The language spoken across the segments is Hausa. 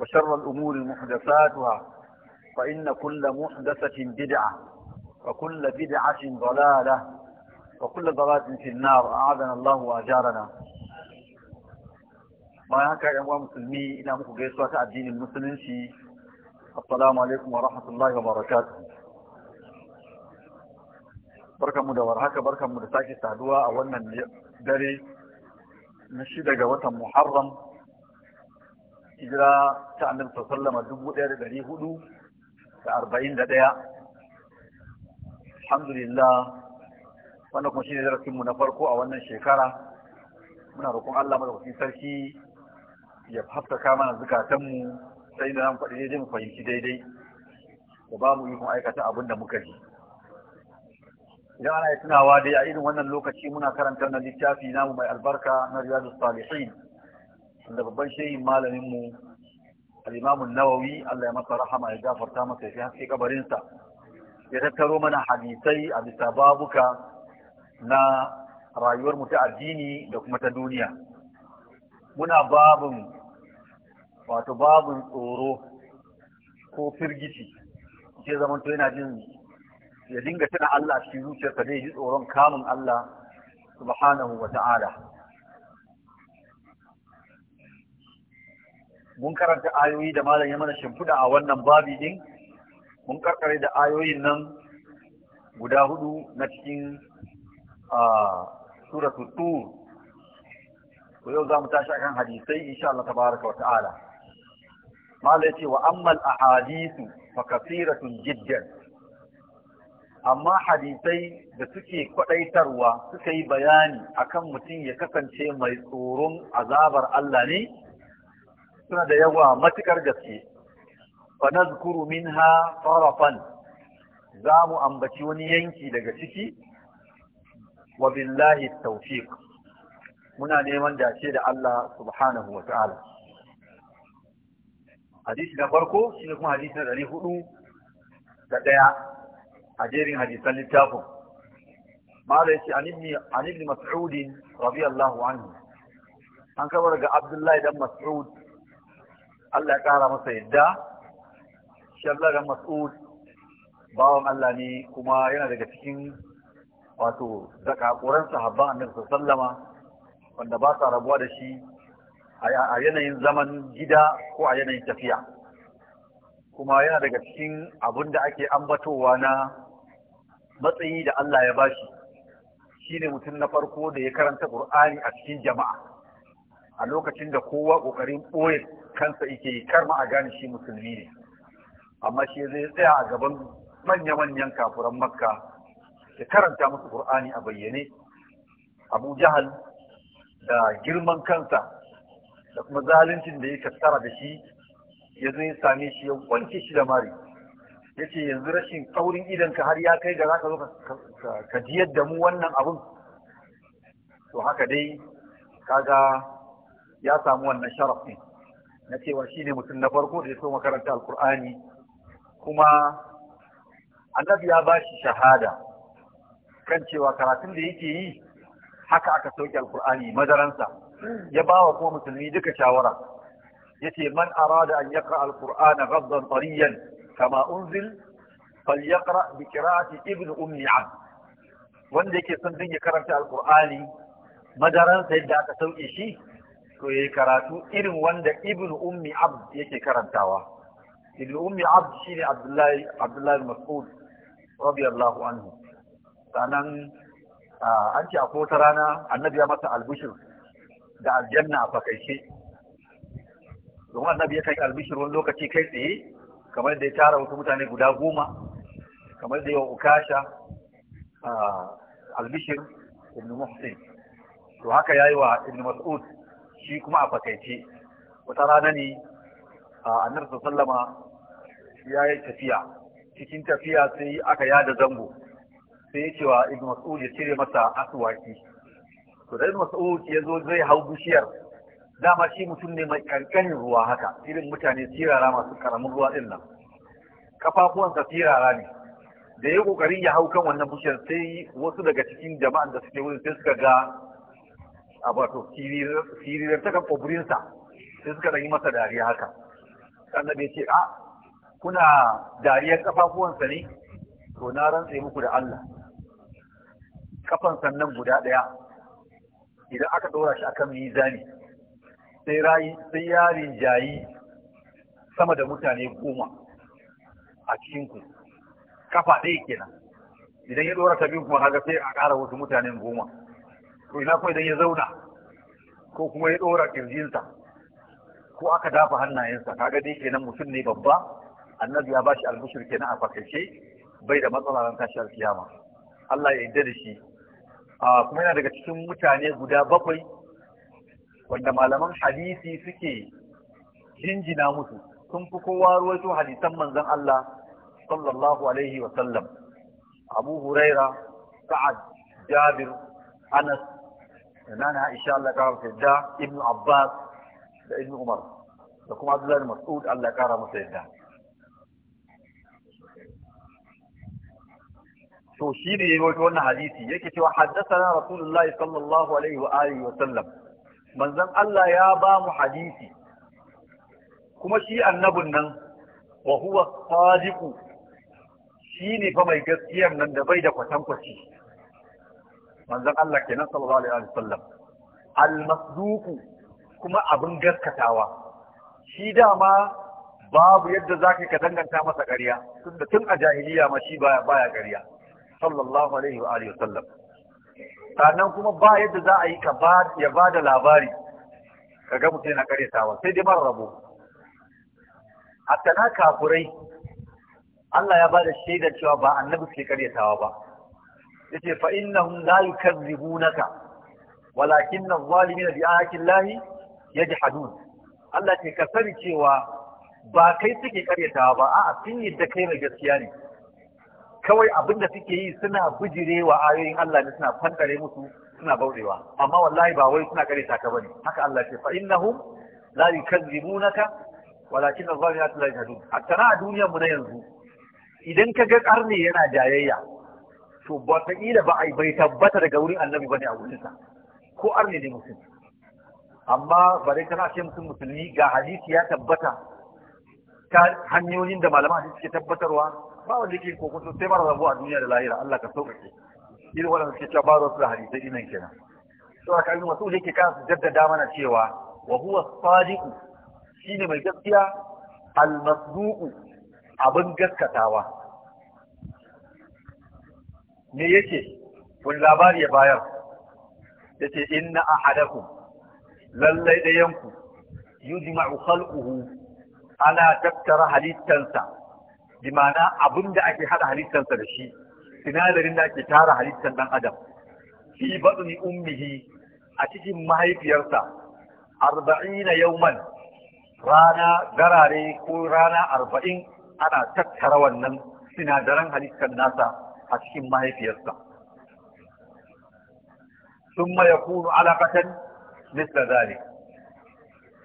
وشر الأمور محدثاتها فإن كل محدثة بدعة وكل بدعة ضلالة وكل ضلالة في النار أعاذنا الله وأجارنا ما هكا يا أمام مسلمي إلى مكو الدين الدين المسلمين السلام عليكم ورحمة الله وبركاته barkanmu da warhaka barkanmu da sake saduwa a wannan dare na shida ga watan Muharram hijira ta annabi sallama dubu ɗaya da ɗari hudu da arba'in da ɗaya alhamdulillah wannan kuma shine darasinmu na farko a wannan shekara muna roƙon Allah madaukakin sarki ya haskaka mana zukatanmu sai da nan faɗi daidai mu fahimci daidai da ba mu yi kuma aikata abin da muka ji idan ana yi tunawa dai a irin wannan lokaci muna karanta na littafi namu mai albarka na riyadu salihin da babban shehin malaminmu Alimamu nawawi Allah ya masa rahama ya gafarta masa ya haske kabarinsa ya tattaro mana hadisai a bisa babuka na rayuwar mu ta addini da kuma ta duniya muna babun wato babun tsoro ko firgici ke zamanto yana jin ya dinga tana Allah cikin zuciyarsa zai ji tsoron kamun Allah subhanahu wa ta'ala mun karanta ayoyi da malam ya mana shimfiɗa a wannan babi din mun karkare da ayoyin nan guda hudu na cikin suratu tur ko yau za mu tashi akan hadisai insha Allah tabaraka wa ta'ala malam yace wa ammal ahadithu fa kathiratun jiddan amma hadisai da suke kwadaitarwa suka yi bayani akan mutum ya kasance mai tsoron azabar Allah ne suna da yawa matukar gaske fa nazkuru minha tarafan za mu ambaci wani yanki daga ciki wa billahi tawfiq muna neman dace da Allah subhanahu wa ta'ala hadisi na farko shine kuma hadisi na ɗari hudu da ɗaya a jerin hadisan littafin mala yace an ibn mas'ud radiyallahu anhu an kabar ga abdullahi dan mas'ud Allah ya ƙara masa yadda shallaran mas'ud bawan Allah ne kuma yana daga cikin wato zakakuran sahabban annabi sallama wanda ba sa rabuwa da shi a yanayin zaman gida ko a yanayin tafiya kuma yana daga cikin abin da ake ambatowa na matsayi da Allah ya bashi shine mutum na farko da ya karanta Qur'ani a cikin jama'a a lokacin da kowa ƙoƙarin ɓoye kansa yake yi kar a gane shi musulmi ne amma shi zai tsaya a gaban manya-manyan kafuran makka ya karanta musu ƙur'ani a bayyane abu jahal da girman kansa da kuma zaluncin da ya kattara da shi ya zai same shi ya wanke shi da mari ya ce yanzu rashin idan ka har ya kai da za ka zo ka jiyar da mu wannan abun to haka dai kaga ya samu wannan sharaf ne na cewa shi ne mutum na farko da ya so makaranta alkur'ani kuma annabi ya ba shi shahada kan cewa karatun da yake yi haka aka sauke alkur'ani madaransa ya ba wa kuma musulmi duka shawara ya ce man arada an yaqra alqur'ana rabban tsariyan kama unzil falyaqra bi qira'ati ibn ummi wanda yake son din ya karanta alkur'ani madaransa yadda aka sauke shi to yayi karatu irin wanda ibn ummi abd yake karantawa ibn ummi abd shine abdullahi abdullahi mas'ud radiyallahu anhu sanan an ce a kota rana annabi ya masa albishir da aljanna a fakaice domin annabi ya kai albishir wani lokaci kai tsaye kamar da ya tara wasu mutane guda goma kamar da yawa ukasha albishir ibn muhsin to haka yayi wa ibn mas'ud shi kuma a fakaice wata rana ne a annabi sallama ya yi tafiya cikin tafiya sai aka yada zango sai ya cewa ibn mas'ud ya cire masa asuwaki to da ibn mas'ud ya zo zai hau bishiyar dama shi mutum ne mai kankanin ruwa haka irin mutane sirara masu karamin ruwa din nan kafafuwansa sirara ne da ya kokarin ya hau kan wannan bishiyar sai wasu daga cikin jama'an da suke wurin sai suka ga a bato sirirar ta kafoburinsa sai suka ɗanyi masa dariya haka annabi ya ce a kuna dariyar kafafuwansa ne to na rantse muku da Allah kafan sannan guda ɗaya idan aka ɗora shi akan mizani sai rayi sai yarin jayi sama da mutane goma a cikin ku ɗaya kenan idan ya ɗora ta kuma kaga sai a ƙara wasu mutanen goma Ko ina ko idan ya zauna ko kuma ya ɗora ƙirjinsa ko aka dafa hannayensa kaga dai kenan mutum ne babba annabi ya bashi albushir kenan a fakaice bai da matsala ran tashi alkiyama Allah ya yarda da shi kuma yana daga cikin mutane guda bakwai wanda malaman hadisi suke jinjina musu sun fi kowa ruwaito hadisan manzon Allah sallallahu alaihi wa sallam Abu Huraira Sa'ad Jabir Anas nana insha Allah ka masa yadda ibnu abbas da ibnu umar da kuma abdullahi mas'ud Allah ya masa yadda to shi ne ya rawaito wannan hadisi yake cewa haddathana a sallallahu alaihi wa alihi wa manzon Allah ya bamu mu hadisi kuma shi annabin nan wa huwa shi ne fa mai gaskiyar nan da bai da kwatankwaci manzon Allah ke kenan sallallahu alaihi sallam. al-masduqu kuma abin gaskatawa shi dama babu yadda zaka ka danganta masa ƙarya tunda tun a jahiliya ma shi baya baya ƙarya sallallahu alaihi wa alihi sallam. sannan kuma ba yadda za a yi ka ba ya da labari kaga mutum yana ƙaryatawa sai dai mara rabo hatta na kafurai Allah ya bada shaidar cewa ba annabi suke ƙaryatawa ba yace fa innahum la yukazzibunaka walakin adh-dhalimina bi ayati llahi yajhadun Allah ce ka sani cewa ba kai suke karyatawa ba a'a sun yi da kai mai gaskiya ne kawai abinda suke yi suna bijirewa ayoyin Allah ne suna fantare musu suna baurewa amma wallahi ba wai suna karyata ka bane haka Allah ce fa innahum la yukazzibunaka walakin adh-dhalimina la yajhadun A na duniyar mu na yanzu idan ka ga karne yana jayayya to ba ta ila ba ai bai tabbata daga wurin annabi bane a wurinsa ko ar ne mutum amma ba dai kana ce mutum musulmi ga hadisi ya tabbata ta hanyoyin da malaman hadisi ke tabbatarwa ba wanda yake kokoto sai mara rabo a duniya da lahira Allah ka sauƙaƙe irin wannan suke cewa ba za su da hadisai dinan kenan to aka yi wasu yake kan su jaddada mana cewa wa huwa sadiqu shine mai gaskiya al-masduqu abin gaskatawa me yake wani labari ya bayar ya ce inna ahadakum lallai ɗayanku yujma'u khalquhu ana tattara halittansa bi abinda abin da ake hada halittansa da shi sinadarin da ake tara halittan ɗan adam fi batni ummihi a cikin mahaifiyarsa arba'ina yauman rana garare ko rana arba'in ana tattara wannan sinadaran halittar nasa a cikin mahaifiyarsa Sun thumma yakunu alaƙatan misla zalik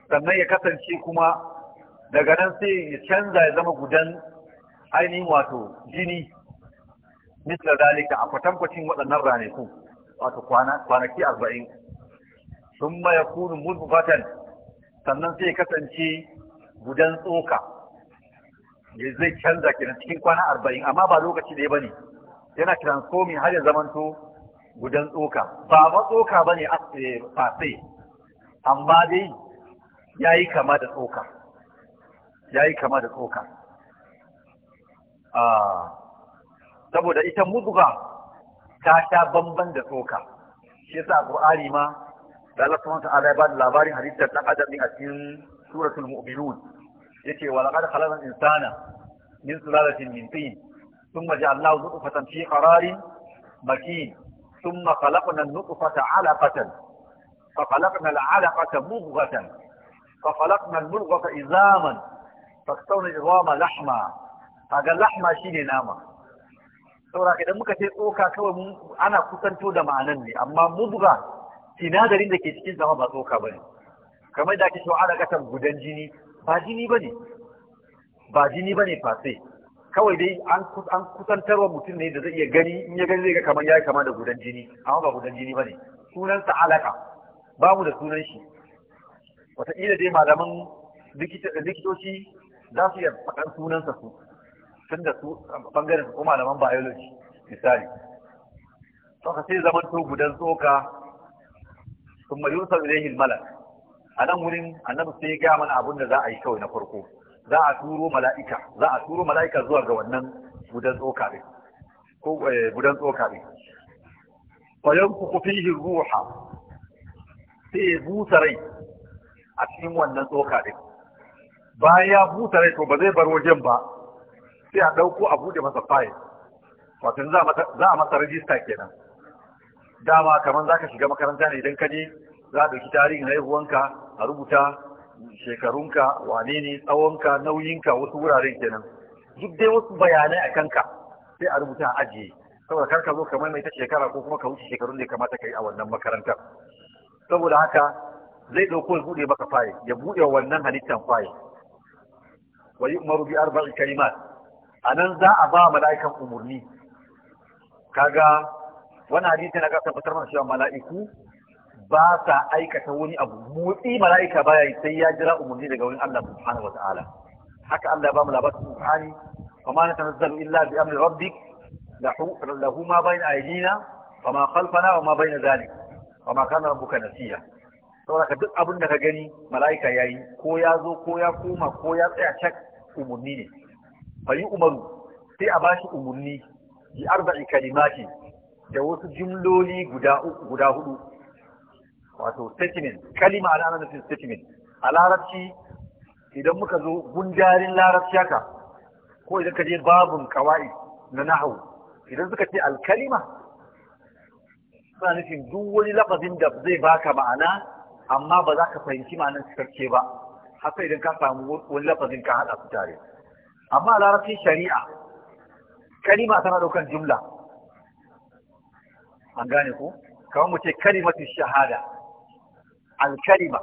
sannan ya kasance kuma daga nan sai ya canza ya zama gudan ainihin wato jini Zari ka a kwatankwacin waɗannan ranaku wato kwanaki arba'in sun maya kunu mulbubatan sannan sai ya kasance gudan tsoka ya zai canza kenan cikin kwana arba'in amma ba lokaci ɗaya ba ne yana transforming har ya zamanto gudan tsoka ba ma tsoka eh, ba ne fasai amma dai ya yi kama da tsoka ya yi kama da tsoka ah, saboda ita muzga ta sha bamban da tsoka shi yasa qur'ani ma da Allah subhanahu wa ta'ala ya ba da labarin halittar dan a cikin suratul mu'minun yace wa laqad khalaqna insana min sulalatin min tin ثم جعلناه نطفة في قرار مكين ثم خلقنا النطفة علقة فخلقنا العلقة مضغة فخلقنا المضغة إزاما فاكتونا العظام لحما هذا اللحمة شيء نامه saura idan muka ce tsoka kawai mun ana kusanto da ma'anan ne amma mudga sinadarin da ke cikin zama ba tsoka ne, kamar da ake shawara ana gudan jini ba jini ne, ba jini ne fasai kawai dai an kusantar wa mutum ne da zai iya gani in ya gani zai ga kamar ya kama da gudan jini amma ba gudan jini ba ne sunansa alaka babu da sunan shi wataƙila dai malaman likitoci za su iya faɗan sunansa su tun da su ɓangaren su ko malaman biology misali saka sai zaman to gudan tsoka sun mai yusa ilaihi malak a nan wurin annabi sai ya gaya mana abin da za a yi kawai na farko za a turo mala'ika za a turo mala'ika zuwa ga wannan gudan tsoka din ko gudan eh, tsoka din fa yanfuku fihi ruha sai ya busa rai a cikin wannan tsoka din bayan ya busa rai to ba zai bar wajen ba sai a ɗauko a buɗe masa fayil wato za a masa rajista kenan dama kamar za ka shiga makaranta ne idan ka je za a ɗauki tarihin haihuwanka a rubuta shekarunka wane ne tsawonka nauyinka wasu wuraren kenan duk dai wasu bayanai a kanka sai a rubuta a ajiye saboda kar ka zo ka maimaita shekara ko kuma ka wuce shekarun da ya kamata ka yi a wannan makarantar saboda haka zai ɗauko ya buɗe maka fayil ya buɗe wannan halittar fayil wa yi umaru bi arba'in kalimat a nan za a ba mala'ikan umarni kaga wani hadisi na ga tabbatar mana cewa mala'iku ba sa aikata wani abu motsi mala'ika baya sai ya jira umarni daga wurin Allah subhanahu wata'ala haka Allah ya ba mu labarin subhani kuma na tanazzalu illa bi amri rabbik lahu ma bayna aydina wa ma khalfana wa ma bayna zalik wa ma kana rabbuka nasiya saboda duk abin da ka gani mala'ika yayi ko ya zo ko ya koma ko ya tsaya cak umarni ne fa yi umaru sai a bashi umarni bi arba'i kalimati da wasu jumloli guda guda hudu wato statement kalima ana nufin statement a larabci idan muka zo gundarin larabci haka ko idan ka je babun kawai na nahawu idan suka ce alkalima suna nufin duk wani lafazin da zai baka ma'ana amma ba za ka fahimci ma'anar cikakke ba haka idan ka samu wani lafazin ka haɗa su tare amma larabcin shari'a kalima tana ɗaukar jumla an gane ko kamar mu ce kalimatu shahada alkalima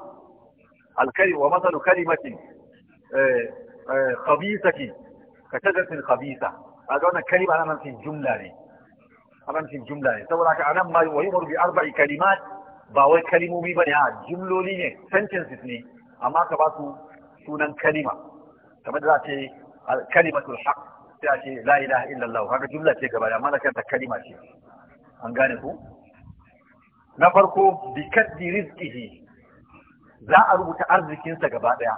alkalima wa masalu kalimatin khabisati ka tajartin khabisa kaga wannan kalima ana nan cikin jumla ne ana cikin jumla ne saboda haka anan ma wa yumaru bi arba'i kalimat ba wai kalimomi bane a jumloli ne sentences ne amma ka ba su sunan kalima kamar da za ce kalimatul haqq sai a ce la ilaha illallah kaga jumla ce gaba da amma na kanta kalima ce an gane ku na farko bi kaddi rizqihi za a rubuta arzikinsa gaba ɗaya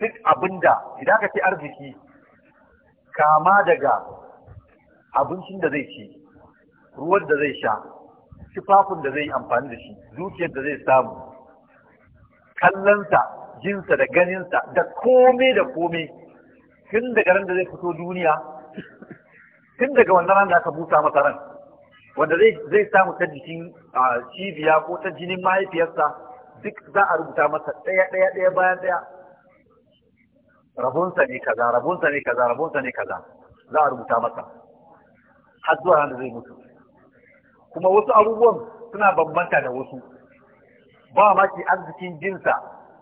duk abinda idan ka ce arziki kama daga abincin da zai ci ruwan da zai sha tufafin da zai amfani da shi zuciyar da zai samu kallonsa jinsa da ganinsa da kome da kome tun daga ran da zai fito duniya tun daga wannan ran da aka busa masa ran wanda zai samu ta jikin cibiya ko ta jinin mahaifiyarsa duk za a rubuta masa ɗaya ɗaya ɗaya bayan ɗaya rabunsa ne kaza rabunsa ne kaza rabunsa ne kaza za a rubuta masa har zuwa ranar zai mutu kuma wasu abubuwan suna bambanta da wasu ba ma ki arzikin jinsa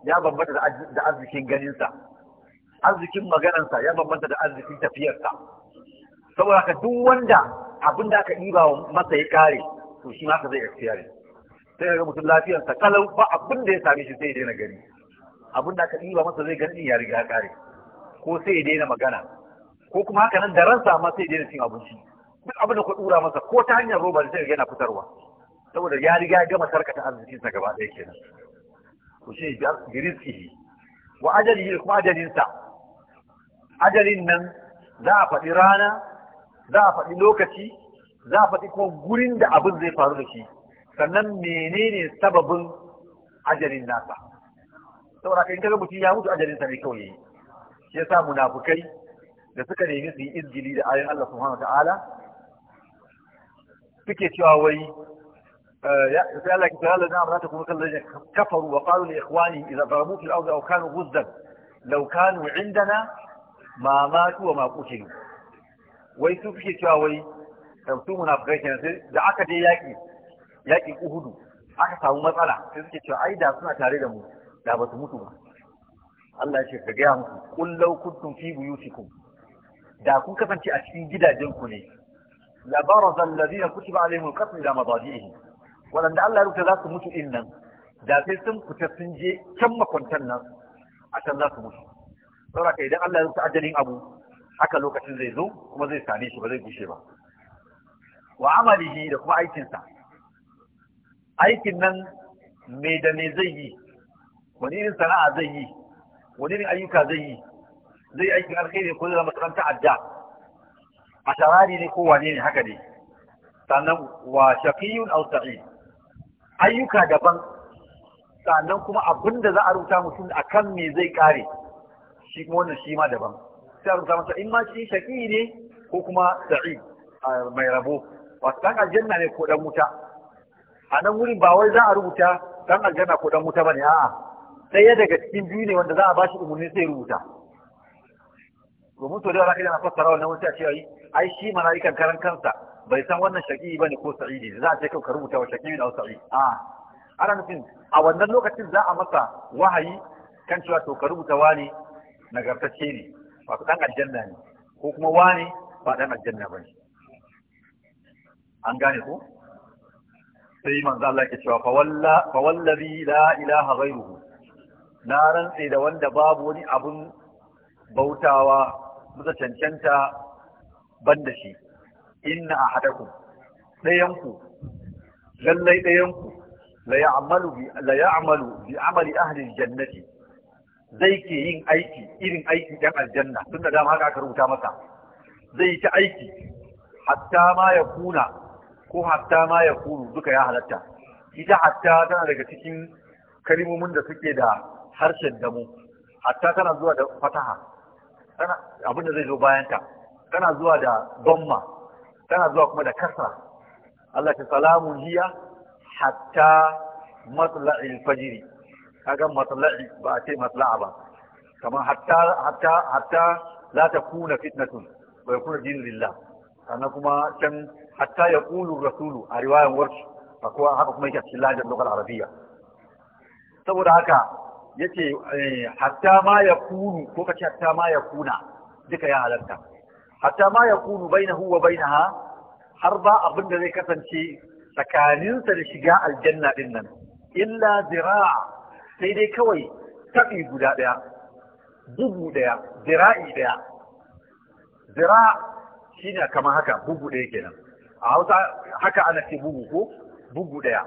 ya bambanta da arzikin ganinsa arzikin maganansa ya bambanta da arzikin tafiyarsa saboda ka duk wanda abin da aka ɗiba masa ya kare to shi ma ka zai experience sai ga mutum lafiyarsa kalau ba abin da ya same shi sai ya daina gani abin da aka ɗiba masa zai gani ya riga kare ko sai ya daina magana ko kuma haka nan da ransa ma sai ya daina cin abinci duk abin da ka dura masa ko ta hanyar roba sai ya yana fitarwa saboda ya riga ya gama sarkata arzikinsa gaba ɗaya kenan ku ce bi rizqihi wa kuma ajalinsa ajalin nan za a faɗi rana za a faɗi lokaci za a faɗi kuma gurin da abin zai faru da shi sannan menene sababin ajalin nasa saboda kai kaga mutum ya mutu ajalin sa ne kawai yayi shi yasa munafukai da suka nemi su yi izgili da ayoyin Allah subhanahu ta'ala suke cewa wai eh, sai Allah ki ta'ala na amrata kuma kan kafaru wa qalu li ikhwani idza darabu fil ardi aw kanu ghuzzan law kanu indana ma matu wa ma qutilu wai su suke cewa wai eh, su munafukai kenan sai da aka dai yaki yaƙin uhudu aka samu matsala sai suke cewa ai da suna tare da mu da ba su mutu ba Allah ya ce ka gaya musu kullo law kuntum fi buyutikum da kun kasance a cikin gidajenku ne la baraza alladhina kutiba alaihim alqatl ila madajihim wanda Allah ya rubuta za su mutu din nan da sai sun fita sun je can makwantan nan a can za su mutu saboda idan Allah ya rubuta ajalin abu haka lokacin zai zo kuma zai same shi ba zai gushe ba wa amalihi da kuma aikinsa aikin nan me da me zai yi wani irin sana'a zai yi wani irin ayyuka zai yi zai aikin alkhairi ko zai zama tsaron ta'adda a tarari ne ko wane ne haka ne sannan wa shaqiyun aw sa'id ayyuka daban sannan kuma abin da za a rubuta mutum akan me zai kare shi kuma wannan shi ma daban sai a rubuta masa in ma shi shaqi ne ko kuma sa'id mai rabo wasu dan aljanna ne ko dan wuta a nan wurin ba wai za a rubuta dan aljanna ko dan wuta bane a'a sai ya daga cikin biyu ne wanda za a bashi umarni sai rubuta domin to da ra'ayi na fassara wannan wata ce ai ai shi mala'ikan karan kansa bai san wannan shaki bane ko sa'idi za a ce ka rubuta wa shaki da sa'idi a ana nufin a wannan lokacin za a masa wahayi kan cewa to ka rubuta wani nagartacce ne wato dan aljanna ne ko kuma wani ba dan aljanna bane an gane ko sai manzo Allah ke cewa fa la ilaha ghairuhu na rantse da wanda babu wani abun bautawa bisa cancanta banda shi inna ahadakum ku. lallai ku la ya'malu bi la ya'malu bi amali ahli aljannati zai ke yin aiki irin aiki dan aljanna tunda dama haka aka rubuta masa zai ta aiki hatta ma ya kuna ko hatta ma ya kuru duka ya halatta ita hatta tana daga cikin kalimomin da suke da harshen damu hatta tana zuwa da fataha tana abin da zai zo bayanta tana zuwa da domma tana zuwa kuma da kasra Allah ta salamu hiya hatta matla'il fajiri kaga matla'i ba a ce matla'a ba kamar hatta hatta hatta la takuna fitnatun bai kuna din lillah sannan kuma can hatta ya kulu rasulu a riwayan warshi akwai haka kuma yake cikin lajar lokal arabiya saboda haka yace eh, hatta ma ya kulu ko kace hatta ma ya kuna duka ya halarta hatta ma ya kulu bainahu wa bainaha har ba abin da zai kasance tsakaninsa da shiga aljanna din nan illa zira'a sai dai kawai tabi guda daya dubu daya zira'i daya zira'a shine kama haka bugu ɗaya kenan a hausa haka ana ce bugu ko bugu ɗaya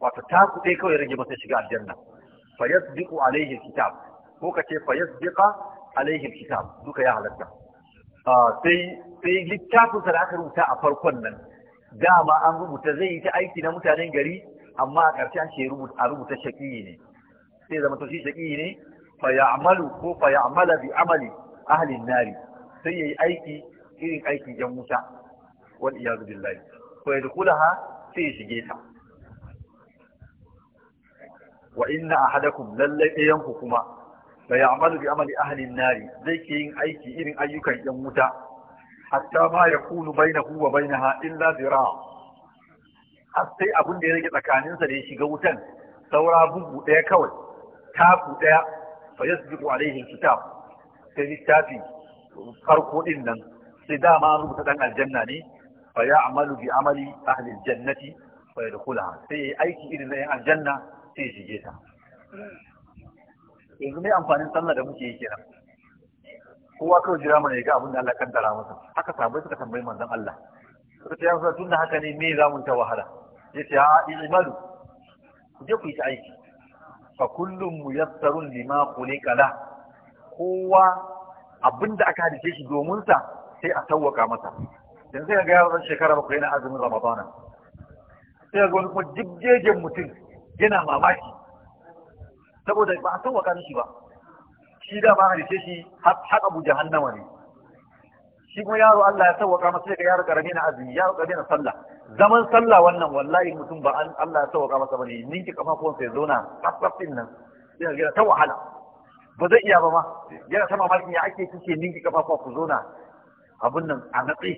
wato taku ɗaya kawai rage masa shiga aljanna fa yasbiqu alayhi kitab ko ka ce fa yasbiqa alayhi kitab duka ya halatta sai sai littafin sa da aka rubuta a farkon nan dama an rubuta zai yi ta aiki na mutanen gari amma a ƙarshe an a rubuta shaƙi ne sai zama to shi shaƙi ne fa ya'malu ko fa ya'mala bi amali ahlin nari sai yayi aiki irin aikin yan wuta wal iyadu billahi fa yadkhulaha sai ya shige wa inna ahadakum lallai ɗayan ku kuma la ya'malu bi amali ahli nari zai ke yin aiki irin ayyukan yan wuta hatta ma yakunu bainahu wa bainaha illa zira' har sai abin da ya rage tsakaninsa da ya shiga wutan saura bugu ɗaya kawai taku ɗaya fa yasbiqu alaihi kitab sai littafi farko din nan sai dama rubuta dan aljanna ne fa amalu bi amali ahli aljannati fa yadkhulaha sai aiki irin na aljanna sai ya shige ta yanzu mai amfanin sallah da muke yi kenan kowa kawai jira mana ya ga abin da Allah kaddara masa haka sabai suka tambayi manzon Allah suka ce yanzu tunda haka ne me za mu ta wahala ce a i'malu ku je ku yi aiki fa kullum muyassarun lima qulika la kowa abinda aka hadice shi domin sa sai a tawwaka masa yanzu sai ga yaron shekara bakwai yana azumin ramadana sai ga wani kuma mutum yana mamaki saboda ba a tawwaka shi ba shi da ma halice shi har abu jahannama ne shi kuma yaro Allah ya tawwaka masa sai ga yaro karami na azumi yaro karami na sallah zaman sallah wannan wallahi mutum ba Allah ya tawwaka masa bane ninki kafafuwansa ya zauna tsaf nan sai ga ta wahala ba zai iya ba ma yana ta mamakin ya ake kike ninki kafafuwa ku zauna Abin nan a natsi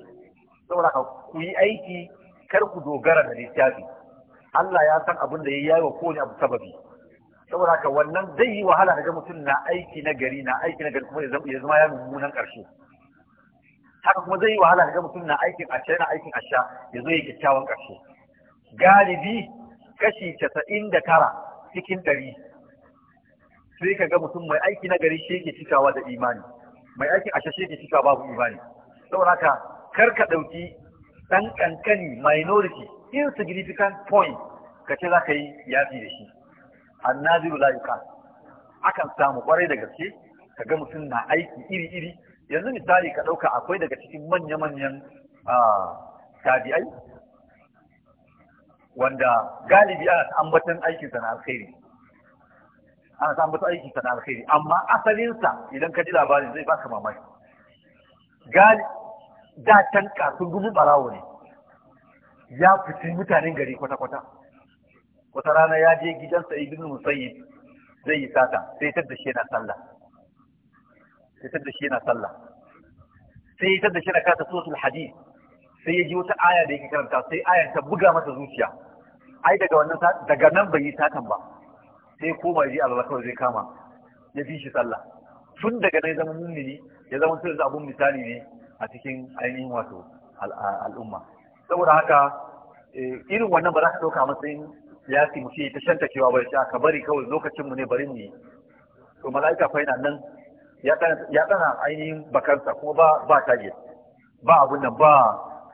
saboda ka ku yi aiki kar ku dogara da littafi Allah ya san abin da ya yi wa kowane abu sababi saboda ka wannan zai yi wahala ga mutum na aiki na gari na aiki na gari kuma ya zama ya mummunan ƙarshe haka kuma zai yi wahala ga mutum na aikin asha na aikin asha ya zo ya kyakkyawan ƙarshe galibi kashi casa'in da tara cikin ɗari sai ka ga mutum mai aiki na gari shi yake cikawa da imani mai aikin asha shi yake cikawa babu imani saboda kar ka ɗauki ɗan ƙanƙani minority insignificant point ka ce za ka yi yafi da shi annaziru la yuka akan samu kwarai da gaske ka ga mutum na aiki iri-iri yanzu misali ka ɗauka akwai daga cikin manya-manyan tabi'ai wanda galibi ana ambatan aikin sa alkhairi ana ambatan aikin sa na alkhairi amma asalinsa idan ka ji labarin zai baka mamaki da can kafin gudu barawo ne ya fiti mutanen gari kwata-kwata wata rana ya je gidansa ibn musayyib zai yi sata sai ta da shi na sallah sai ta da shi yana sallah sai ta da shi kata suratul hadid sai ya ji wata aya da yake karanta sai ayan ta buga masa zuciya ai daga wannan daga nan bai yi satan ba sai koma ji Allah kawai zai kama ya fi shi sallah tun daga nan ya zama mummini ya zama sai abun misali ne a cikin ainihin wato al'umma saboda haka eh, irin wannan ba za ka ɗauka matsayin siyasi mu ce ta shanta cewa bai ce aka bari kawai lokacin mu ne bari mu yi to mala'ika fa yana nan ya tsana ainihin bakansa kuma ba ba yi. ba abun nan ba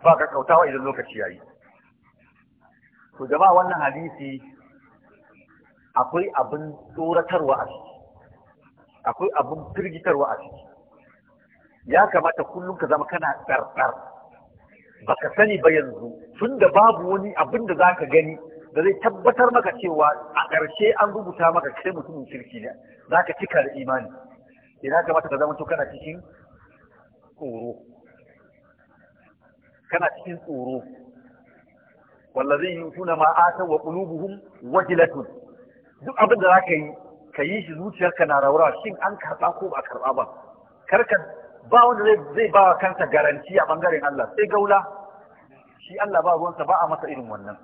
ba kakkautawa idan lokaci ya yi. to jama'a wannan hadisi akwai abin tsoratarwa a ciki akwai abin firgitarwa a ciki ya kamata kullum ka zama kana tsartsar ka sani ba yanzu tun da babu wani abin da za ka gani da zai tabbatar maka cewa a ƙarshe an rubuta maka kai mutumin kirki ne za ka cika da imani idan kamata ka zama to kana cikin tsoro kana cikin tsoro wallazin yutuna ma wa qulubuhum wajilatun duk abin da za ka yi ka yi shi zuciyarka na raurawa shin an karɓa ko ba a karɓa ba karka ba wanda zai ba wa kansa garanti a bangaren Allah sai gaula shi Allah ba ruwansa ba a masa irin wannan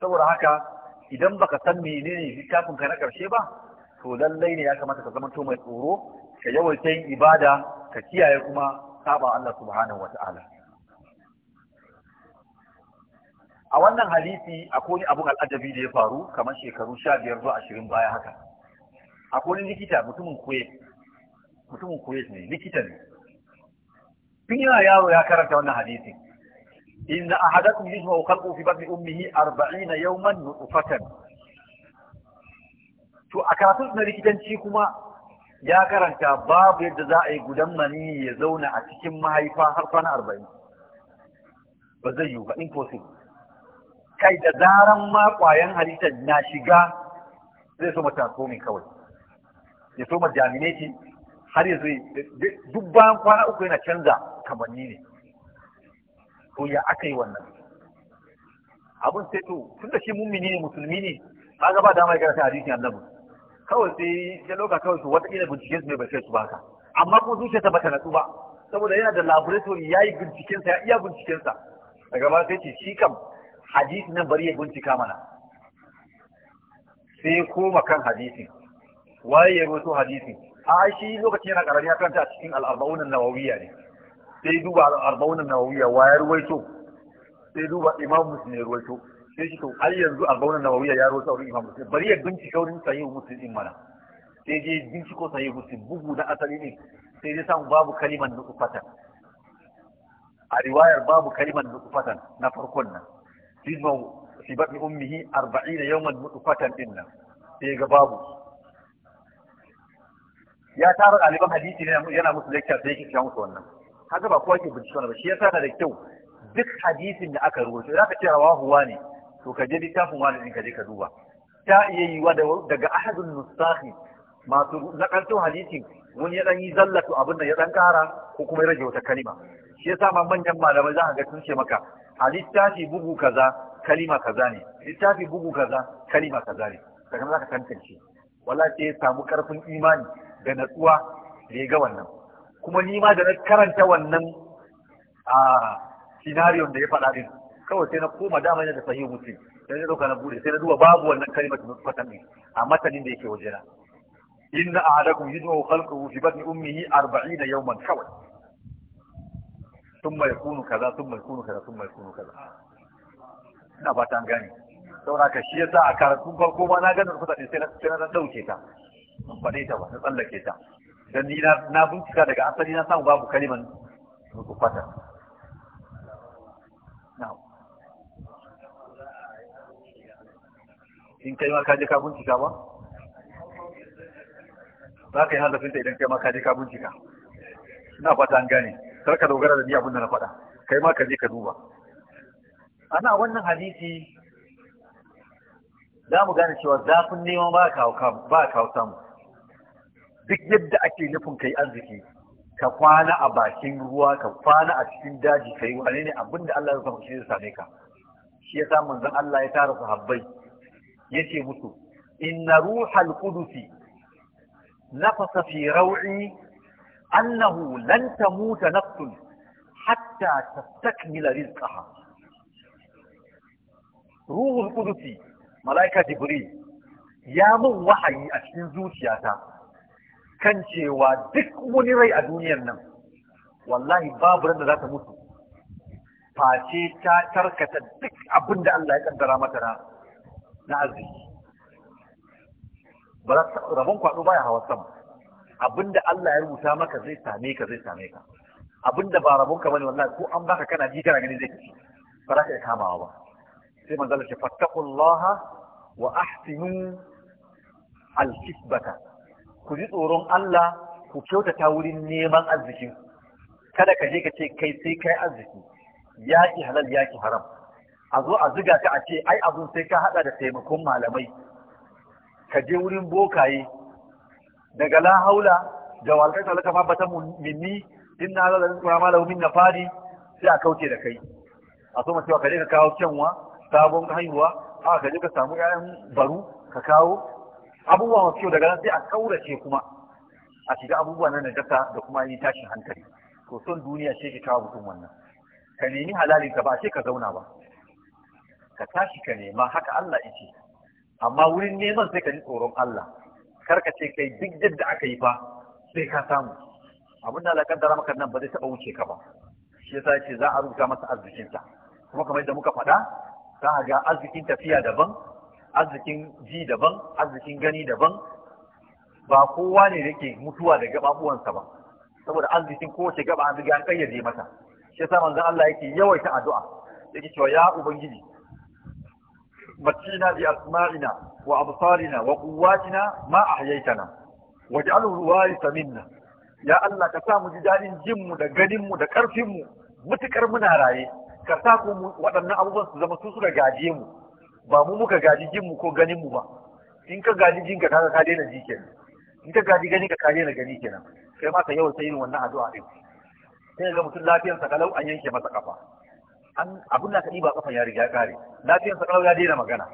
saboda haka idan baka san menene littafin ka na karshe ba to lallai ne ya kamata ka zama to mai tsoro ka yawaita yin ibada ka kiyaye kuma saba Allah subhanahu wata'ala a wannan hadisi akwai abun al'ajabi da ya faru kamar shekaru sha biyar zuwa ashirin baya haka akwai likita mutumin kuwe. mutumin su ne likita ne tun yana yaro ya karanta wannan hadisin inna ahadakum yujma'u khalqu fi batni ummihi 40 yawman nutfatan to a karatun na likitanci kuma ya karanta babu yadda za a yi gudan mani ya zauna a cikin mahaifa har kwana arba'in ba zai yiwu ba impossible kai da zaran ma kwayan halittar na shiga zai so mata kawai ya so ma ce. har yanzu duk bayan kwana uku yana canza kamanni ne to ya aka yi wannan abin sai to tun da shi mummini ne musulmi ne ga ba dama ya karanta hadisin annabi kawai sai ya loka kawai su wata ina binciken su mai bai kai su baka amma kuma ta bata natsu ba saboda yana da laboratory ya yi bincikensa ya iya bincikensa daga ba sai ce shi kam hadisi nan bari ya bincika mana sai ya koma kan hadisin waye ya rawaito hadisi? a shi lokacin yana karami ya kanta a cikin al'arba'unan nawawiya ne sai duba al'arba'unan nawawiya waya ruwaito sai duba imam musulmi ya ruwaito sai shi to ai yanzu al'arba'unan nawawiya ya ruwaito wurin imam musulmi, bari ya bincika wurin sahihu musulmi din mana sai je binciko sahihu musulmi bugu na asali ne sai dai samu babu kaliman nutfatan a riwayar babu kaliman nutfatan na farkon nan fi babu fi babi ummihi 40 yawman nutfatan din nan sai ga babu ya tara ɗaliban hadisi ne yana musu lecture sai yake kiya musu wannan haka ba kowa ke bincike ba shi yasa na da kyau duk hadisin da aka rubuta idan ka ce huwa ne to ka je littafin wani ka je ka duba ta iya yiwa daga ahadun nusahi masu nakalto hadisi wani ya yi zallatu abin da ya dan kara ko kuma ya rage wata kalima shi yasa ma manyan malamai za ka ga sun ce maka a littafi bugu kaza kalima kaza ne littafi bugu kaza kalima kaza ne kaga zaka ka tantance wallahi sai ya samu karfin imani da natsuwa da ya ga wannan kuma ni ma da na karanta wannan a scenario da ya faɗa din kawai sai na koma dama da sahihu muslim sai na dauka na bude sai na duba babu wannan kalimatu nutfatan ne a matanin da yake wajena inna ahadakum yud'u khalquhu fi batni ummihi 40 yawman kawai thumma yakunu kaza thumma yakunu kaza thumma yakunu kaza ina ba ta gani. saboda ka shi yasa a karatun farko ma na ganin kusa sai na sai na dauke ta ban faɗe ta ba na tsallake ta dan ni na bincika daga asali na samu babu kaliman kwata in kai ma kaje ka bincika ba za ka yi halafinta idan kai ma kaje ka bincika ina fata an gane kar ka dogara da ni abin da na faɗa kai ma ka je ka duba ana wannan hadisi za mu gane cewa zafin neman ba ka kawo samu duk yadda ake nufin kai arziki ka kwana a bakin ruwa ka kwana a cikin daji kai wane ne abin da Allah ya samu shi same ka shi yasa manzon Allah ya tara sahabbai yace musu inna ruhal qudusi nafasa fi raw'i annahu lan tamuta nafsun hatta tastakmila rizqaha ruhul qudusi malaika jibril ya mun wahayi a cikin zuciyata kan cewa duk wani rai a duniyar nan wallahi babu ran da za ta mutu face ta tarkata duk abin da Allah ya kaddara mata na na arziki ba za rabon kwado baya hawa sama abin da Allah ya rubuta maka zai same ka zai same ka abin da ba rabon ka bane wallahi ko an baka kana ji kana gani zai kaci ba za ka iya kamawa ba sai manzo Allah ya fattaqullaha wa ahsinu al-kisbata ku ji tsoron Allah ku kyautata wurin neman arziki kada ka je ka ce kai sai kai arziki ya ki halal ya ki haram a zo a ziga ka a ce ai abun sai ka haɗa da taimakon malamai ka je wurin bokaye daga la haula da walƙar talaka ma bata minni din na zala zuwa malamu min na fari sai a kauce da kai a so cewa ka je ka kawo kyanwa sabon haihuwa a ka je ka samu 'ya'yan baru ka kawo abubuwa masu kyau daga nan sai a kaurace kuma a shiga abubuwa na najasa da kuma yi tashin hankali to son duniya ce ke kawo mutum wannan ka nemi halalin ka ba ce ka zauna ba ka tashi ka nema haka Allah yake amma wurin neman sai ka ji tsoron Allah kar ka ce kai duk da aka yi fa sai ka samu abin da Allah kaddara maka nan ba zai taba wuce ka ba shi yasa yace za a rubuta masa arzikinsa kuma kamar yadda muka faɗa za a ga arzikin tafiya daban arzikin ji daban, arzikin gani daban, ba kowa ne yake mutuwa da gaɓaɓuwansa ba, saboda arzikin kowace gaba an riga an je mata, shi yasa manzan Allah yake yawaita addu'a, yake cewa ya Ubangiji, matina bi asma'ina wa abusarina wa kuwacina ma ahyaytana waj'alhu waritha minna ya Allah ka sa mu ji daɗin jin mu da ganin mu da karfin mu mutukar muna raye ka sa ku waɗannan abubuwan su zama su suka gaje mu ba mu muka gaji jin mu ko ganin mu ba in ka gaji jin ka kaga ka daina ji kenan in ka gaji gani ka ka daina gani kenan kai ma ka yawan sayin wannan addu'a din sai ga mutum lafiyar sa kalau an yanke masa kafa an abun da ka diba kafa ya riga ya kare lafiyar sa kalau ya daina magana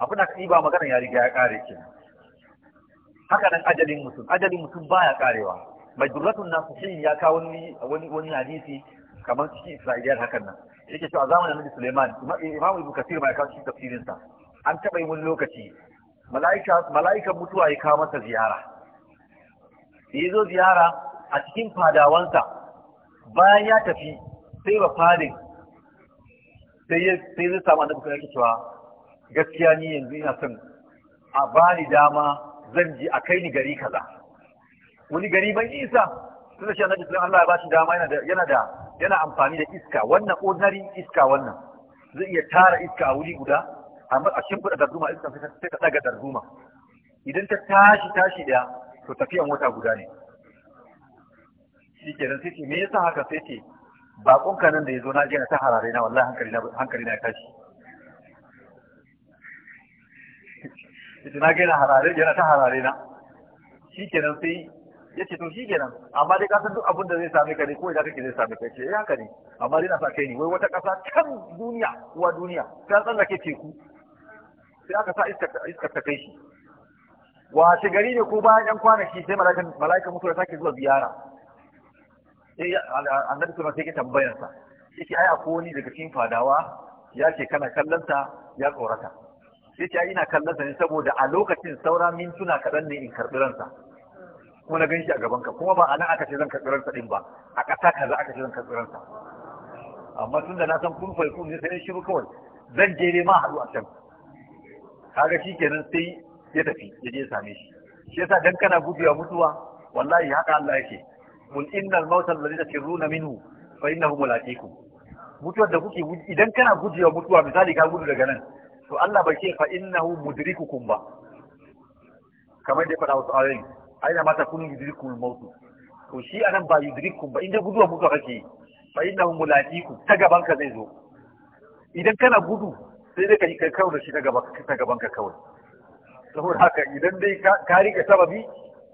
abun da ka diba magana ya riga ya kare kenan haka nan ajalin mutum ajalin mutum baya karewa mai durratun nasu shi ya kawo wani wani hadisi kamar cikin isra'iliyar hakan nan yake cewa zamanin annabi Sulaiman Imam Ibn Kathir ma ya kawo tafsirin sa an taba yi wani lokaci mala'ika mala'ika mutuwa ya kawo masa ziyara ya zo ziyara a cikin fadawansa bayan ya tafi sai ba fadin sai ya sai zai samu annabi Sulaiman cewa gaskiya ni yanzu ina son a bani dama zan je a kai ni gari kaza wani gari ban isa sai shi annabi Sulaiman Allah ya bashi dama yana da yana da yana amfani da iska wannan ordinary iska wannan zai iya tara iska a wuri guda amma a shimfiɗa darduma iska sai ta daga darduma idan ta tashi tashi ɗaya to tafiyan wata guda ne shi kenan sai ce me yasa haka sai ce bakon nan da ya zo na je na ta harare na wallahi hankali na hankali na tashi idan na gaina harare yana ta harare na shi kenan sai ya ce to shi kenan amma dai ka san duk abin da zai same ka ne ko idan kake zai same ka ce ya eh, ne amma dai na sa kai ne wai wata kasa can duniya uwa duniya sai ta tsallake teku sai aka sa iskar ta kai shi wace gari ne ko bayan yan kwanaki sai mala'ikan mutu mutuwa sake zuwa ziyara sai annabi suna sai ke tambayar sa yake ai akwai wani daga cikin fadawa ya ce kana kallonta ya tsorata sai ce ai ina kallonsa ne saboda a lokacin saura mintuna kaɗan ne in karɓi ransa kuma na ganshi a gaban ka kuma ba a nan aka ce zan karɓi sa din ba a ƙasa kaza aka ce zan karɓi sa amma tunda na san kun fai kun sai shi shiru kawai zan je ne ma haɗu a can kaga kenan sai ya tafi ya je same shi shi yasa dan kana gujewa mutuwa wallahi haka Allah yake qul innal mauta alladhi tafiruna minhu fa innahu mulaqikum mutuwar da kuke idan kana gujewa mutuwa misali ka gudu daga nan to Allah bai ce fa innahu mudrikukum ba kamar da ya faɗa wasu ayoyin aina mata kun yudrikul maut to shi anan ba yudrikum ba inda guduwa muka kake fa innahu mulaqiku ta gaban ka zai zo idan kana gudu sai dai ka yi kai da shi ta gaban ta gaban ka kawai saboda haka idan dai ka rike sababi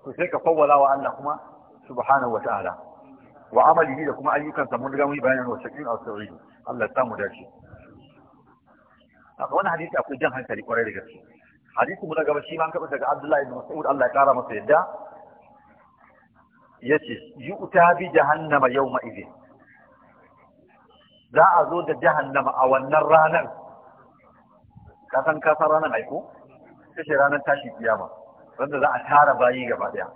to sai ka fawwala wa Allah kuma subhanahu wataala wa amalihi da kuma ayyukansa mun riga mun bayanin wa shakin al-sawri Allah ya mu dace a wannan hadisi akwai jan hankali kwarai da gaske hadisi mu na gaba shi ma an kaɓa daga abdullahi ibn mas'ud Allah ya kara masa yadda yace yi yu'ta bi jahannama yawma idin za a zo da jahannama a wannan ranar ka san ka san ranar aiko kace ranar tashi kiyama wanda za a tara bayi gaba daya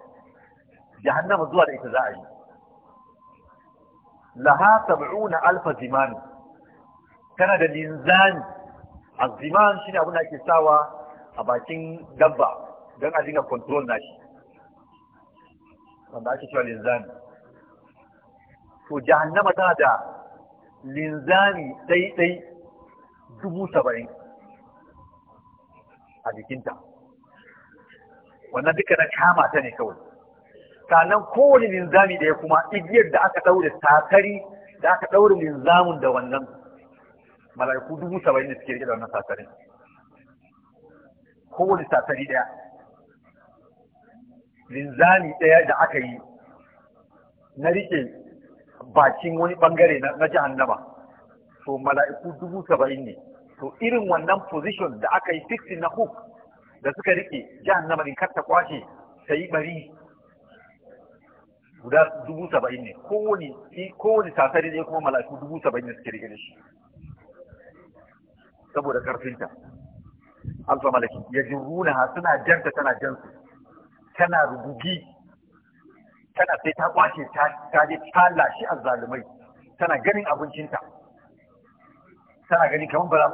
jahannama zuwa da ita za a yi laha sab'una alfa zimani tana da linzani azziman shine abin da ake sawa a bakin dabba don a dinga kontrol na shi wanda ake cewa linzami to jahannama tana da linzami daidai dubu saba'in a jikinta wannan duka na kama ta ne kawai sannan kowane linzami da ya kuma igiyar da aka ɗaure satari da aka ɗaure linzamin da wannan mala'iku dubu saba'in da suke rike da wannan satarin kowane safari ɗaya linzami ɗaya da aka yi na riƙe bakin wani ɓangare na jahannama to mala'iku dubu saba'in ne to irin wannan position da aka yi fixing na hook da suka riƙe jahannama din kar ta kwashe ta yi bari guda dubu saba'in ne kowane kowane safari ɗaya kuma mala'iku dubu saba'in ne suke riƙe da shi saboda ƙarfinta azza malaki ha suna janta tana jansu tana rugugi tana sai ta kwace ta ta je ta lashi azzalumai tana ganin abincinta tana gani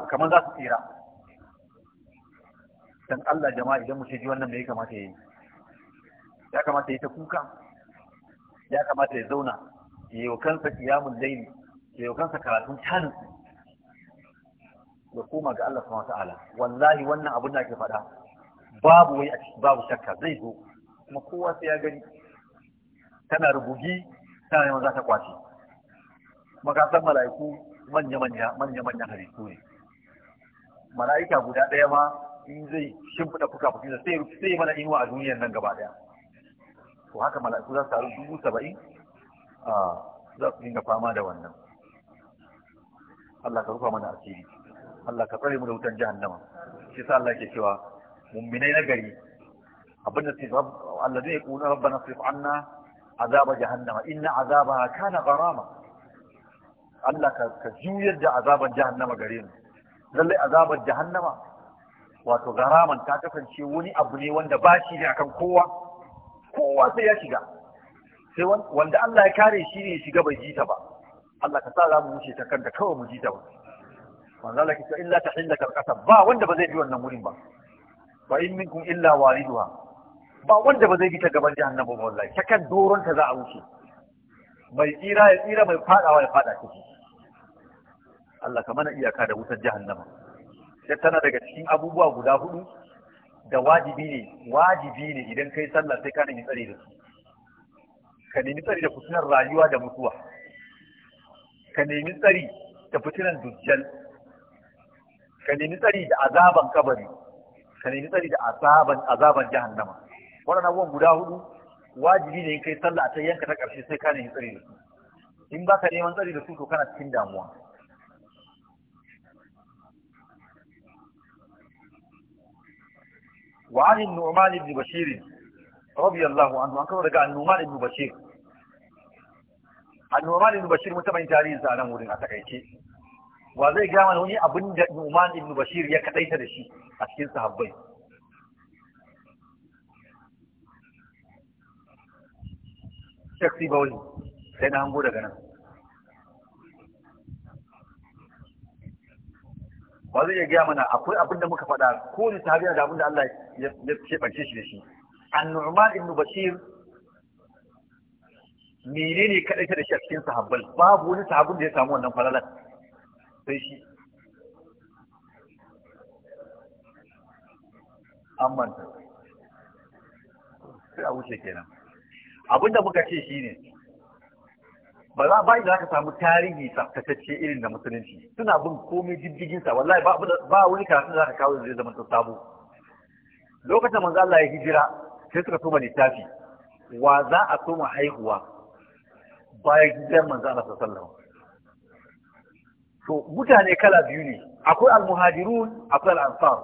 kaman za su tsira dan Allah jama'a idan mu ji wannan me ya kamata yayi ya kamata ya ta kuka ya kamata ya zauna ya kansa kiyamun laili ya yi kansa karatun tanin ya koma ga Allah subhanahu ala, wallahi wannan abun da ake faɗa babu wai a babu shakka zai zo kuma kowa sai ya gani tana rubugi tana yawan za ta kwace makasar mala'iku manya manya manya manyan halittu ne mala'ika guda ɗaya ma in zai shimfiɗa fuka fukinsa sai sai mana inuwa a duniyar nan gaba ɗaya to haka mala'iku za su taru dubu saba'in ah, za su dinga fama da wannan Allah ka rufa mana asiri Allah ka tsare mu da wutan jahannama shi sa Allah ke cewa mu'minai na gari abinda su alladhina yaquluna rabbana sif anna azaba jahannama inna azabaha kana gharama Allah ka juyar da azaban jahannama gare mu lallai azaban jahannama wato garaman ta kasance wani abu ne wanda ba shi ne akan kowa kowa sai ya shiga sai wanda Allah ya kare shi ne shiga bai ji ta ba Allah ka sa za mu wuce ta kanta kawai mu ji ta ba manzo Allah ta illa hinda karkasa ba wanda ba zai bi wannan wurin ba Ba in minkum illa waliduha ba wanda ba zai bi ta gaban jahannama ba wallahi ta kan doron ta za a wuce mai tsira ya tsira mai fadawa ya fada ciki Allah ka mana iyaka da wutar jahannama sai tana daga cikin abubuwa guda hudu da wajibi ne wajibi ne idan kai sallah sai ka nemi tsari da su ka nemi tsari da fitinar rayuwa da mutuwa ka nemi tsari da fitinar dujjal ka nemi tsari da azaban kabari ka nemi tsari da azaban azaban jahannama waɗannan abubuwan guda hudu wajibi ne kai sallah ta yanka ta ƙarshe sai ka nemi tsari da su in ba ka neman tsari da su to kana cikin damuwa Wa وعن النعمان بن بشير رضي الله عنه أنك رجع النعمان بن بشير النعمان بن بشير متمن تاريخ wurin a takaice. wa zai gaya mana wani abin da Numan ibn Bashir ya kadaita da shi a cikin sahabbai Shaksi Bawli sai na hango daga nan wa zai iya gaya mana akwai abin da muka faɗa ko ne sahabi da abin da Allah ya keɓance shi da shi an Numan ibn Bashir menene kadaita da shi a cikin sahabbai babu wani sahabin da ya samu wannan falalar sai shi an manta sai a wuce kenan abinda muka ce shi ne ba za ba za ka samu tarihi tsaftatacce irin da musulunci suna bin komai sa wallahi ba wani karatun za ka kawo zai zama ta sabo lokacin manzo Allah ya hijira sai suka soma littafi wa za a soma haihuwa bayan gidan manzo Allah sallallahu alaihi to mutane kala biyu ne akwai almuhajirun akwai al'ansar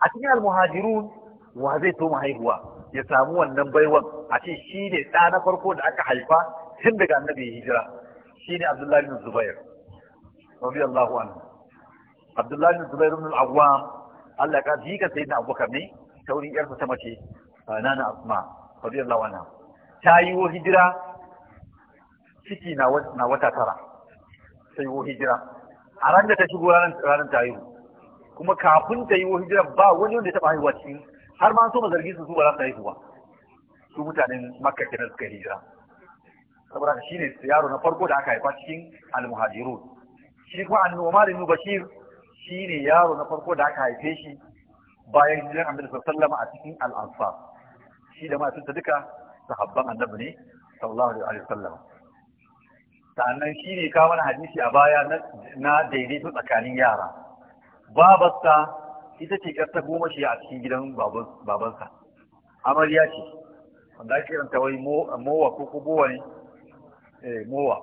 a cikin almuhajirun wa zai so haihuwa ya samu wannan baiwan a ce shi ne ɗa na farko da aka haifa tun daga annabi ya hijira shi ne abdullahi bin zubair radiyallahu anhu abdullahi bin zubair bin awwam Allah ka ji ka sayyidina abubakar ne taurin yarsa ta mace nana asma radiyallahu anha ta yi hijira ciki na wata tara ta yi hijira a ran da ta shigo ranar ta haihu kuma kafin ta yi hijira ba wani wanda ya taɓa haihuwa cikin har ma so mazargi su su ba za su haihuwa ba su mutanen makka kenan suka hijira saboda shi ne yaro na farko da aka haifa cikin almuhajirun shi kuma annoba da bashir shi ne yaro na farko da aka haife shi bayan hijiran annabi sallallahu alaihi a cikin al-ansar shi da matarsa duka sahabban annabi ne sallallahu alaihi wasallam sannan shi ne kawo mana hadisi a baya na daidaito tsakanin yara babarsa ita ce ƙarta goma shi a cikin gidan babansa amarya ce wanda ake kiranta wai mowa ko ko bowa ne eh, mowa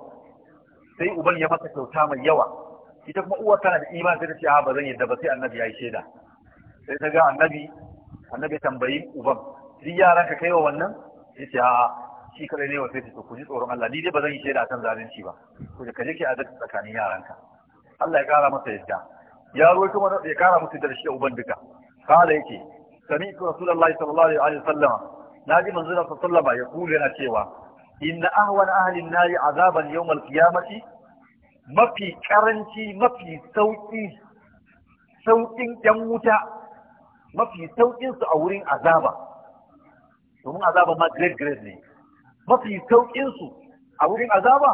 sai uban ya masa kyauta mai yawa ita kuma uwar tana da iman sai ta ce ba zan yadda ba sai annabi ya yi shaida sai ta ga annabi annabi tambayi uban duk yaran ka kai wa wannan ya ce a'a shi kare ne wasai to ku ji tsoron Allah ni dai ba zan yi shaida kan zalunci ba ku ka je ki adalci tsakanin yaranka Allah ya kara masa yadda ya roki mana ya kara musu da shi uban duka kala yake sami ku rasulullahi sallallahu alaihi wasallam naji manzon Allah sallallahu alaihi wasallam ya kula na cewa inna ahwan ahli an-nar azaban yawm al-qiyamati mafi karanci mafi sauki saukin yan wuta mafi saukin su a wurin azaba domin azaba ma great great ne mafi sauƙinsu a wurin azaba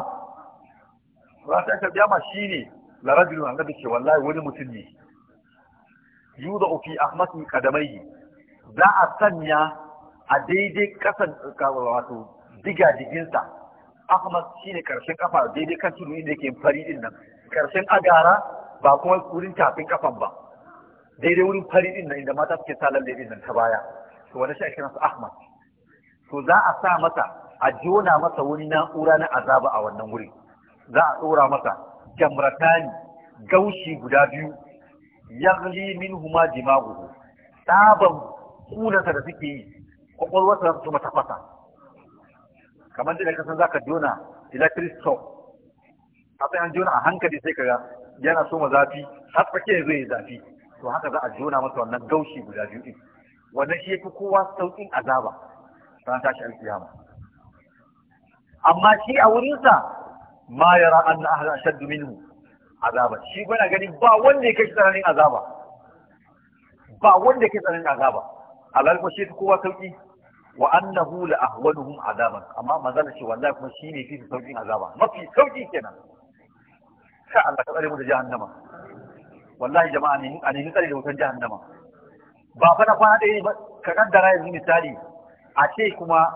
ba ta aka biya ma shi ne larajin wanda da ke wallahi wani mutum ne da ofi ahmadu kadamai za a sanya a daidai kasan wato diga diginsa ahmad shi ne ƙafa kafa daidai kan tudu inda yake fari din nan karshen agara ba kuma wurin tafin kafan ba daidai wurin fari din nan inda mata suke sa lalle nan ta baya to wani shi ake nasa ahmad to za a sa masa a jona masa wani na'ura na azaba a wannan wuri za a tsora masa jamratani gaushi guda biyu yagli huma dimaghu tsaban kunansa da suke yi kwakwalwarsa za su matafasa kamar da kasan za ka jona electric stove a sai jona a hankali sai ka yana so ma zafi har ya zai yi zafi to haka za a jona masa wannan gaushi guda biyu din wannan shi fi kowa sauƙin azaba ran tashi alkiyama amma shi a wurinsa ma yara an na ahla ashaddu minhu azaba shi kuna gani ba wanda ya kashi tsananin azaba ba wanda ya tsananin azaba alal ko shi kowa sauki wa annahu la ahwanuhum azaban amma manzala ce wallahi kuma shi ne fi sauƙin azaba mafi sauƙi kenan sha Allah ka tsare mu da jahannama wallahi jama'a ne a nemi tsare da wutan jahannama ba fa na kwana ɗaya ba ka kaddara yanzu misali a ce kuma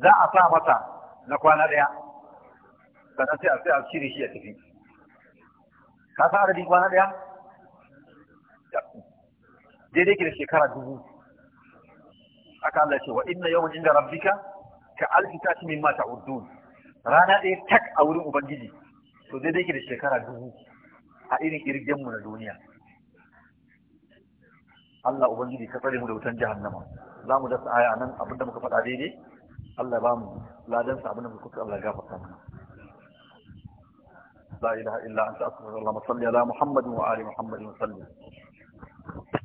za a sa mata. na kwana ɗaya sannan sai a sai a cire shi a tafi ka san adadin kwana ɗaya daidai ki da shekara dubu aka Allah ce wa inna yawman inda rabbika ka alfi tashi mimma urdu. rana ɗaya tak a wurin ubangiji to daidai ki da shekara dubu a irin irgenmu na duniya Allah ubangiji ka tsare mu da wutan jahannama za mu dasa aya nan abinda muka faɗa daidai Allah ba mu ladan sa abin da kuka Allah gafarta mana la ilaha illa anta astaghfiruka wa atubu ilaik Muhammadin wa ali Muhammadin sallallahu